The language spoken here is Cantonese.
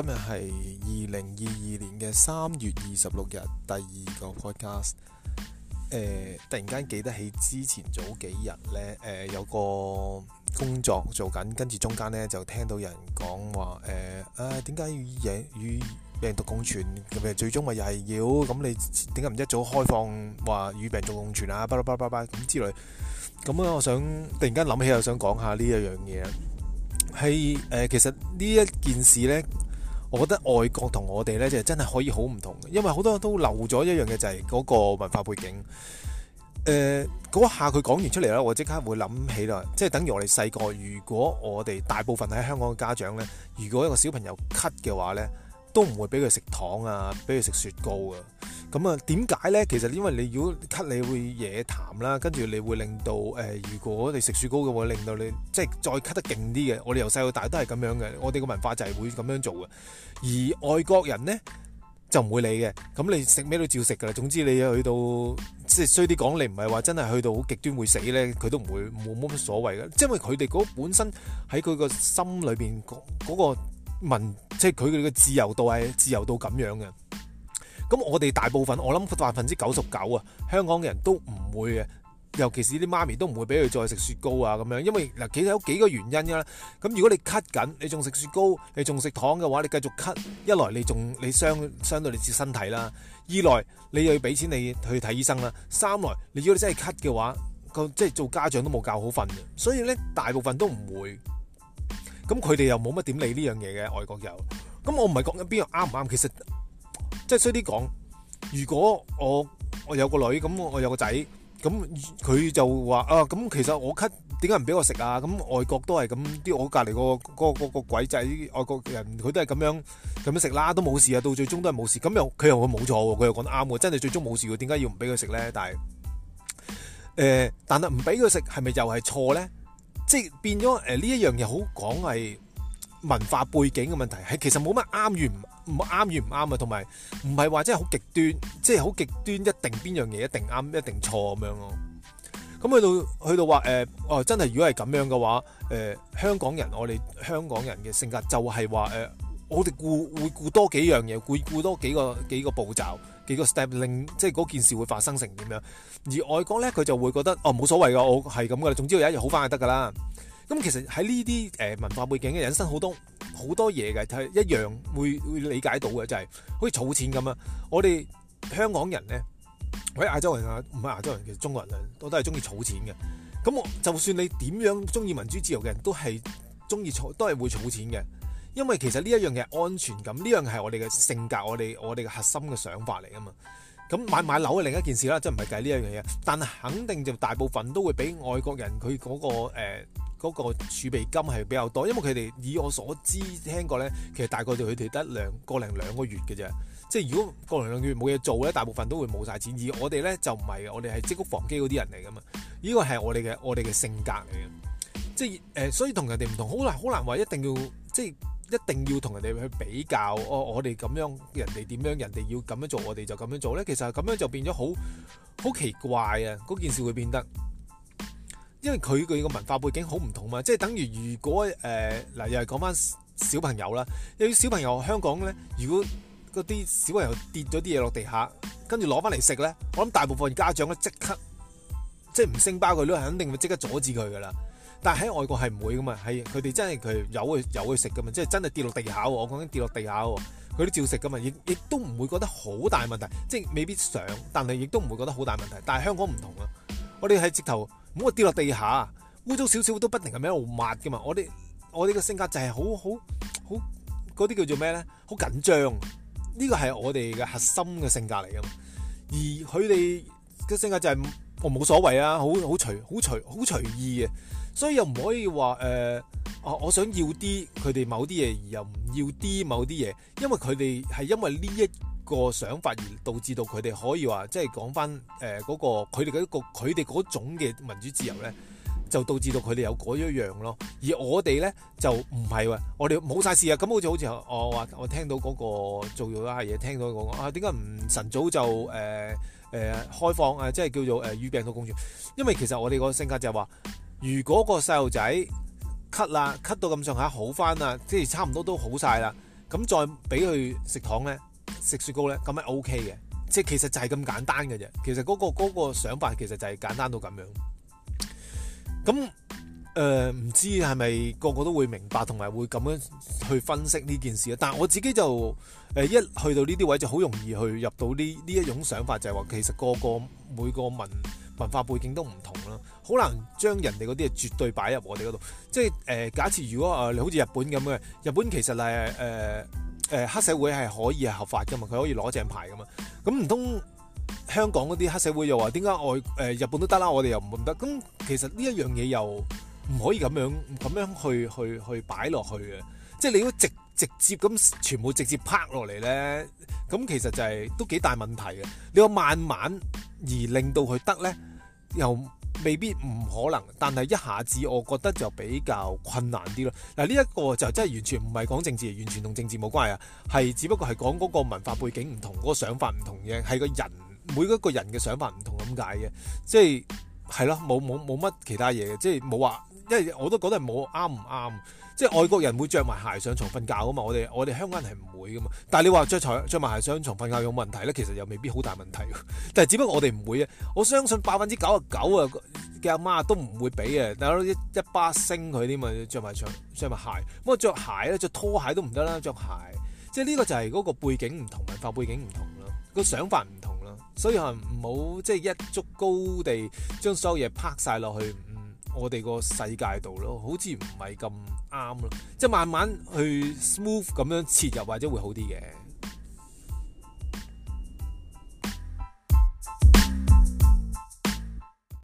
今日係二零二二年嘅三月二十六日，第二個 podcast。誒、呃，突然間記得起之前早幾日呢，誒、呃、有個工作做緊，跟住中間呢就聽到有人講話誒，啊，點解與野與病毒共存，咁最終咪又係要咁，你點解唔一早開放話與病毒共存啊？巴拉巴拉巴拉咁之類。咁啊，我想突然間諗起，又想講下呢一樣嘢，係、呃、誒，其實呢一件事呢。我覺得外國同我哋呢就真係可以好唔同，因為好多都漏咗一樣嘅就係嗰個文化背景。呃，嗰下佢講完出嚟啦，我即刻會諗起啦，即係等於我哋細個，如果我哋大部分喺香港嘅家長呢，如果一個小朋友咳嘅話呢，都唔會俾佢食糖啊，俾佢食雪糕啊。咁啊，點解咧？其實因為你如果咳，你會嘢痰啦，跟住你會令到、呃、如果你食雪糕嘅話，令到你即係再咳得勁啲嘅。我哋由細到大都係咁樣嘅。我哋個文化就係會咁樣做嘅。而外國人咧就唔會理嘅。咁你食咩都照食噶啦。總之你去到即係衰啲講，你唔係話真係去到極端會死咧，佢都唔會冇乜所謂嘅。即係因為佢哋嗰本身喺佢個心裏面，嗰、那、嗰個文，即係佢哋嘅自由度係自由到咁樣嘅。咁我哋大部分，我諗百分之九十九啊，香港嘅人都唔會啊，尤其是啲媽咪都唔會俾佢再食雪糕啊咁樣，因為嗱其實有幾個原因噶啦。咁如果你咳緊，你仲食雪糕，你仲食糖嘅話，你繼續咳，一來你仲你傷傷到你自身體啦，二來你又要俾錢你去睇醫生啦，三來你如果真係咳嘅話，個即係做家長都冇教好訓，所以咧大部分都唔會。咁佢哋又冇乜點理呢樣嘢嘅外國有，咁我唔係講緊邊樣啱唔啱，其實。即係衰啲講，如果我我有個女，咁我有個仔，咁佢就話啊，咁其實我咳，點解唔俾我食啊？咁外國都係咁，啲我隔籬個個個鬼仔，外國人佢都係咁樣咁樣食啦，啊，都冇事啊，到最終都係冇事。咁又佢又話冇錯喎，佢又講啱喎，真係最終冇事喎，點解要唔俾佢食咧？但係誒、呃，但係唔俾佢食係咪又係錯咧？即、就、係、是、變咗誒呢一樣嘢好講係。文化背景嘅問題係其實冇乜啱與唔唔啱與唔啱啊，同埋唔係話真係好極端，即係好極端一定邊樣嘢一定啱一定錯咁樣咯。咁去到去到話誒哦，真係如果係咁樣嘅話，誒香港人我哋香港人嘅性格就係話誒，我哋顧會顧多幾樣嘢，顧顧多幾個幾個步驟幾個 step，令即係嗰件事會發生成點樣。而外國咧佢就會覺得哦冇所謂㗎，我係咁㗎啦，總之有一日好返就得㗎啦。咁其實喺呢啲誒文化背景嘅引申，好多好多嘢嘅，就係一樣會會理解到嘅，就係、是、好似儲錢咁啊。我哋香港人咧，或者亞洲人啊，唔係亞洲人其實中國人咧，都都係中意儲錢嘅。咁我就算你點樣中意民主自由嘅人都係中意儲，都係會儲錢嘅，因為其實呢一樣嘅安全感呢樣係我哋嘅性格，我哋我哋嘅核心嘅想法嚟啊嘛。咁買買樓係另一件事啦，即係唔係計呢一樣嘢，但肯定就大部分都會畀外國人佢嗰、那個、呃嗰個儲備金係比較多，因為佢哋以我所知聽過咧，其實大概佢哋得兩個零兩個月嘅啫。即係如果過零兩個月冇嘢做咧，大部分都會冇晒錢。而我哋咧就唔係，我哋係積穀防饑嗰啲人嚟噶嘛。呢個係我哋嘅我哋嘅性格嚟嘅，即係誒、呃，所以同人哋唔同，好難好難話一定要即係一定要同人哋去比較。我我哋咁樣，人哋點樣，人哋要咁樣做，我哋就咁樣做咧。其實咁樣就變咗好好奇怪啊！嗰件事會變得。因為佢佢個文化背景好唔同嘛，即係等於如果誒嗱、呃，又係講翻小朋友啦。有啲小朋友香港咧，如果嗰啲小朋友跌咗啲嘢落地下，跟住攞翻嚟食咧，我諗大部分家長咧即刻即係唔聲包佢，都係肯定會即刻阻止佢噶啦。但係喺外國係唔會噶嘛，係佢哋真係佢有去有去食噶嘛，即係真係跌落地下。我講緊跌落地下，佢都照食噶嘛，亦亦都唔會覺得好大問題，即係未必想，但係亦都唔會覺得好大問題。但係香港唔同啊，我哋喺直頭。咁我跌落地下，污糟少少都不停咁喺度抹嘅嘛。我哋我哋嘅性格就係好好好嗰啲叫做咩咧？好緊張，呢個係我哋嘅核心嘅性格嚟嘅嘛。而佢哋嘅性格就係我冇所謂啊，好好隨好隨好隨意嘅。所以又唔可以話，呃，我想要啲佢哋某啲嘢，而又唔要啲某啲嘢，因為佢哋係因為呢一。個想法而導致到佢哋可以話，即係講翻誒嗰個佢哋嘅一個佢哋嗰種嘅民主自由咧，就導致到佢哋有嗰一樣咯。而我哋咧就唔係喎，我哋冇晒事啊。咁好似好似、哦、我話，我聽到嗰、嗰個做咗下嘢，聽到我、那、講、個、啊，點解唔晨早就誒誒、呃呃、開放啊？即係叫做誒與、呃、病毒共存，因為其實我哋個性格就係話，如果個細路仔咳啦，咳到咁上下好翻啦，即係差唔多都好晒啦，咁再俾佢食糖咧。食雪糕咧咁咪 OK 嘅，即係、OK、其實就係咁簡單嘅啫。其實嗰、那個嗰、那個想法其實就係簡單到咁樣。咁誒唔知係咪個個都會明白同埋會咁樣去分析呢件事啊？但係我自己就誒、呃、一去到呢啲位就好容易去入到呢呢一種想法就，就係話其實個個每個文文化背景都唔同啦、呃呃，好難將人哋嗰啲絕對擺入我哋嗰度。即係誒假設如果誒你好似日本咁嘅，日本其實係誒。呃誒、呃、黑社會係可以係合法嘅嘛，佢可以攞正牌嘅嘛，咁唔通香港嗰啲黑社會又話點解外誒、呃、日本都得啦，我哋又唔得？咁其實呢一樣嘢又唔可以咁樣咁樣去去去擺落去嘅，即係你要直接直接咁全部直接拍落嚟咧，咁其實就係、是、都幾大問題嘅。你話慢慢而令到佢得咧，又？未必唔可能，但係一下子，我覺得就比較困難啲咯。嗱，呢一個就真係完全唔係講政治，完全同政治冇關係啊。係，只不過係講嗰個文化背景唔同，嗰個想法唔同嘅，係個人每一個人嘅想法唔同咁解嘅。即係係咯，冇冇冇乜其他嘢嘅，即係冇話，因為我都覺得係冇啱唔啱。即係外國人會着埋鞋上床瞓覺嘛，我哋我哋香港人係唔會噶嘛。但你話着埋鞋上床瞓覺有問題咧，其實又未必好大問題。但係只不過我哋唔會啊。我相信百分之九十九啊嘅阿媽都唔會俾啊，但一一巴升巴星佢啲嘛，着埋著著埋鞋。咁啊，着鞋咧，着拖鞋都唔得啦，着鞋。即係呢個就係嗰個背景唔同，文化背景唔同啦，個想法唔同啦，所以係唔好即係一足高地將所有嘢拍晒落去。我哋個世界度咯，好似唔係咁啱咯，即係慢慢去 smooth 咁樣切入，或者會好啲嘅。